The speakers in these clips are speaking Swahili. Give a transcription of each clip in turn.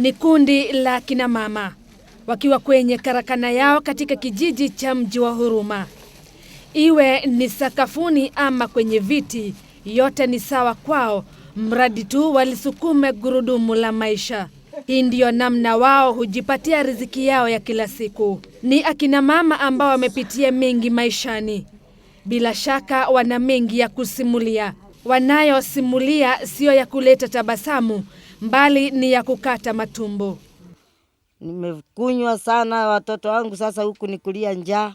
Ni kundi la mama wakiwa kwenye karakana yao katika kijiji cha mji wa Huruma. Iwe ni sakafuni ama kwenye viti, yote ni sawa kwao, mradi tu walisukume gurudumu la maisha. Hii ndiyo namna wao hujipatia riziki yao ya kila siku. Ni akina mama ambao wamepitia mengi maishani, bila shaka wana mengi ya kusimulia. Wanayosimulia siyo ya kuleta tabasamu, mbali ni ya kukata matumbo. Nimekunywa sana watoto wangu, sasa huku ni kulia njaa.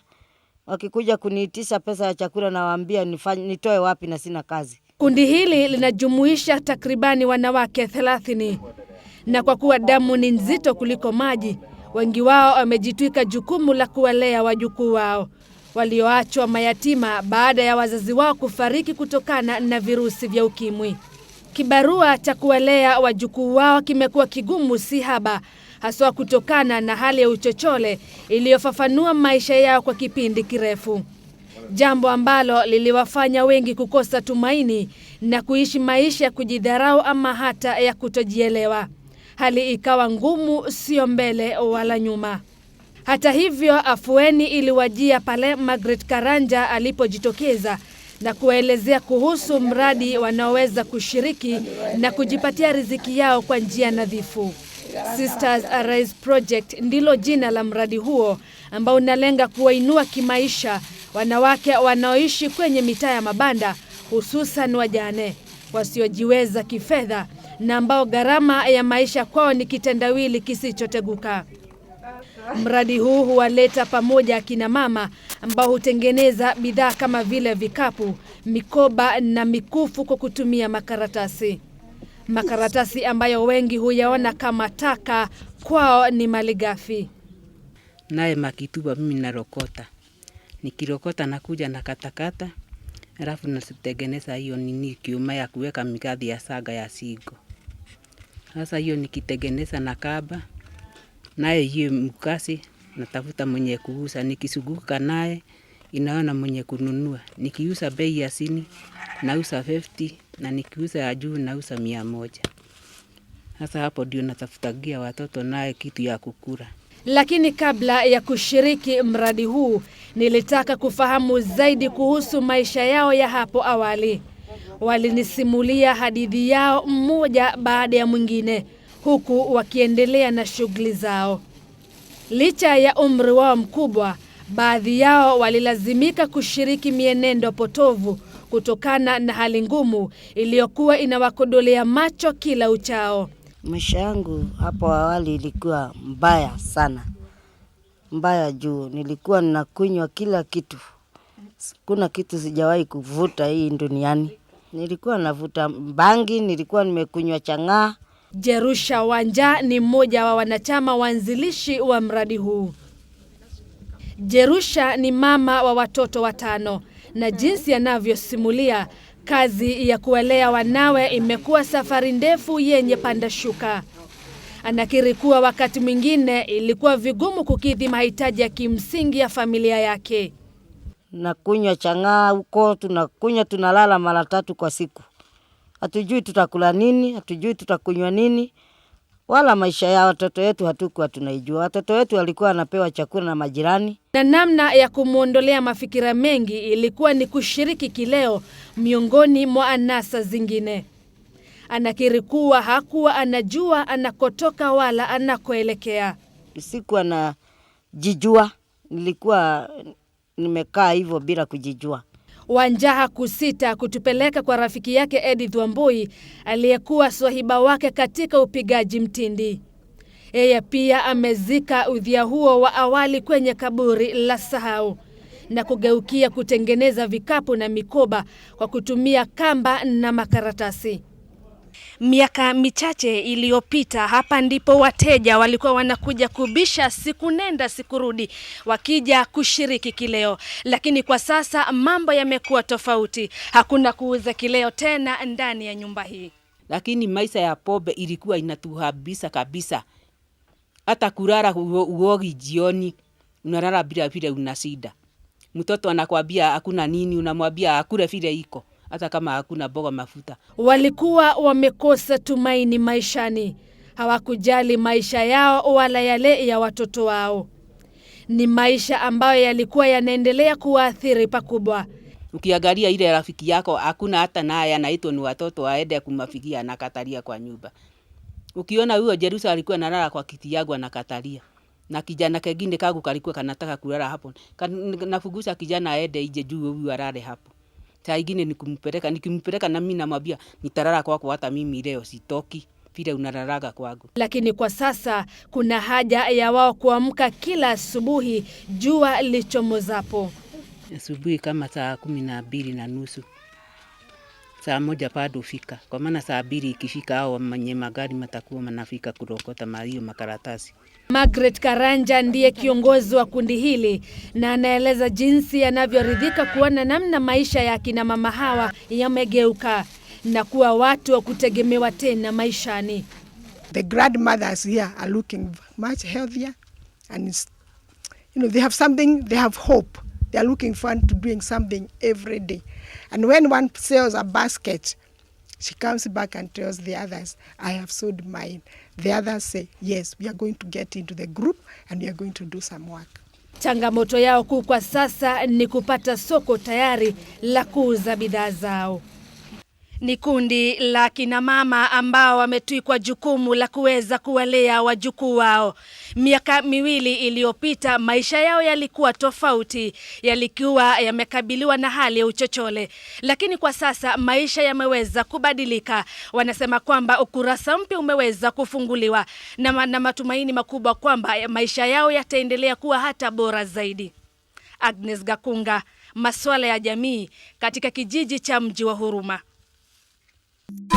Wakikuja kuniitisha pesa ya chakula, nawaambia nitoe wapi na sina kazi. Kundi hili linajumuisha takribani wanawake thelathini na kwa kuwa damu ni nzito kuliko maji, wengi wao wamejitwika jukumu la kuwalea wajukuu wao walioachwa mayatima baada ya wazazi wao kufariki kutokana na virusi vya ukimwi. Kibarua cha kuwalea wajukuu wao kimekuwa kigumu si haba, haswa kutokana na hali ya uchochole iliyofafanua maisha yao kwa kipindi kirefu, jambo ambalo liliwafanya wengi kukosa tumaini na kuishi maisha ya kujidharau ama hata ya kutojielewa. Hali ikawa ngumu, sio mbele wala nyuma. Hata hivyo, afueni iliwajia pale Margaret Karanja alipojitokeza na kuwaelezea kuhusu mradi wanaoweza kushiriki na kujipatia riziki yao kwa njia nadhifu. Sisters Arise Project ndilo jina la mradi huo ambao unalenga kuwainua kimaisha wanawake wanaoishi kwenye mitaa ya mabanda, hususan wajane wasiojiweza kifedha na ambao gharama ya maisha kwao ni kitendawili kisichoteguka. Mradi huu huwaleta pamoja akina mama ambao hutengeneza bidhaa kama vile vikapu, mikoba na mikufu kwa kutumia makaratasi. Makaratasi ambayo wengi huyaona kama taka, kwao ni malighafi. Naye makituba mimi narokota, nikirokota nakuja na katakata, alafu natengeneza hiyo nini kiuma ya kuweka mikadhi ya saga ya sigo. Sasa hiyo nikitengeneza na kaba naye hiyo mkasi, natafuta mwenye kuuza, nikisuguka naye inaona mwenye kununua. Nikiuza bei ya sini nauza 50 na nikiuza ya juu nauza mia moja. Sasa hapo ndio natafutagia watoto naye kitu ya kukula. Lakini kabla ya kushiriki mradi huu, nilitaka kufahamu zaidi kuhusu maisha yao ya hapo awali. Walinisimulia hadithi yao mmoja baada ya mwingine huku wakiendelea na shughuli zao. Licha ya umri wao mkubwa, baadhi yao walilazimika kushiriki mienendo potovu kutokana na hali ngumu iliyokuwa inawakodolea macho kila uchao. Maisha yangu hapo awali ilikuwa mbaya sana, mbaya juu nilikuwa ninakunywa kila kitu. Kuna kitu sijawahi kuvuta hii duniani. Nilikuwa navuta bangi, nilikuwa nimekunywa chang'aa, Jerusha Wanja ni mmoja wa wanachama waanzilishi wa mradi huu. Jerusha ni mama wa watoto watano na jinsi anavyosimulia kazi ya kuwalea wanawe imekuwa safari ndefu yenye panda shuka. Anakiri kuwa wakati mwingine ilikuwa vigumu kukidhi mahitaji ya kimsingi ya familia yake. Nakunywa chang'aa huko, tunakunywa tunalala mara tatu kwa siku hatujui tutakula nini, hatujui tutakunywa nini, wala maisha ya watoto wetu hatukuwa tunaijua. Watoto wetu walikuwa wanapewa chakula na majirani. Na namna ya kumwondolea mafikira mengi ilikuwa ni kushiriki kileo miongoni mwa anasa zingine. Anakiri kuwa hakuwa anajua anakotoka wala anakoelekea. Sikuwa na jijua, nilikuwa nimekaa hivyo bila kujijua. Wanjaha kusita kutupeleka kwa rafiki yake Edith Wambui aliyekuwa swahiba wake katika upigaji mtindi. Yeye pia amezika udhia huo wa awali kwenye kaburi la sahau na kugeukia kutengeneza vikapu na mikoba kwa kutumia kamba na makaratasi. Miaka michache iliyopita, hapa ndipo wateja walikuwa wanakuja kubisha siku nenda siku rudi, wakija kushiriki kileo, lakini kwa sasa mambo yamekuwa tofauti. Hakuna kuuza kileo tena ndani ya nyumba hii, lakini maisha ya pombe ilikuwa inatuhabisa kabisa. Hata kurara uogi jioni, unarara bila vile, una shida. Mtoto anakwambia hakuna nini, unamwambia akule vile iko hata kama hakuna boga mafuta. Walikuwa wamekosa tumaini maishani, hawakujali maisha yao wala yale ya watoto wao. Ni maisha ambayo yalikuwa yanaendelea kuwaathiri pakubwa. Ukiangalia ile rafiki yako hakuna hata naye anaitwa ni watoto aende kumafikia, na anakatalia kwa nyumba. Ukiona huyo Jerusa alikuwa analala kwa kiti yangu na anakatalia na kijana kengine kagu kalikuwa kanataka kulala hapo, nafugusa kijana aende ije juu huyu alale hapo. Saa ingine nikimpeleka, nikimpeleka na namwambia nitarara kwako hata mimi leo sitoki vile unararaga kwangu. Lakini kwa sasa kuna haja ya wao kuamka kila asubuhi jua lichomozapo. Asubuhi kama saa kumi na mbili na nusu saa moja bado fika, kwa maana saa mbili ikifika hao wenye magari matakuwa manafika kurokota mahiyo makaratasi. Margaret Karanja ndiye kiongozi wa kundi hili na anaeleza jinsi yanavyoridhika kuona namna maisha ya kina mama hawa yamegeuka na kuwa watu wa kutegemewa tena maishani. The grandmothers here are looking much healthier and you know, they have something, they have hope. They are looking forward to doing something every day. And when one sells a basket, she comes back and tells the others, I have sold mine. The others say, yes, we are going to get into the group and we are going to do some work. Changamoto yao kuu kwa sasa ni kupata soko tayari la kuuza bidhaa zao. Ni kundi la kina mama ambao wametwikwa jukumu la kuweza kuwalea wajukuu wao. Miaka miwili iliyopita maisha yao yalikuwa tofauti, yalikuwa yamekabiliwa na hali ya uchochole, lakini kwa sasa maisha yameweza kubadilika. Wanasema kwamba ukurasa mpya umeweza kufunguliwa na, na matumaini makubwa kwamba maisha yao yataendelea kuwa hata bora zaidi. Agnes Gakunga, masuala ya jamii katika kijiji cha Mji wa Huruma. you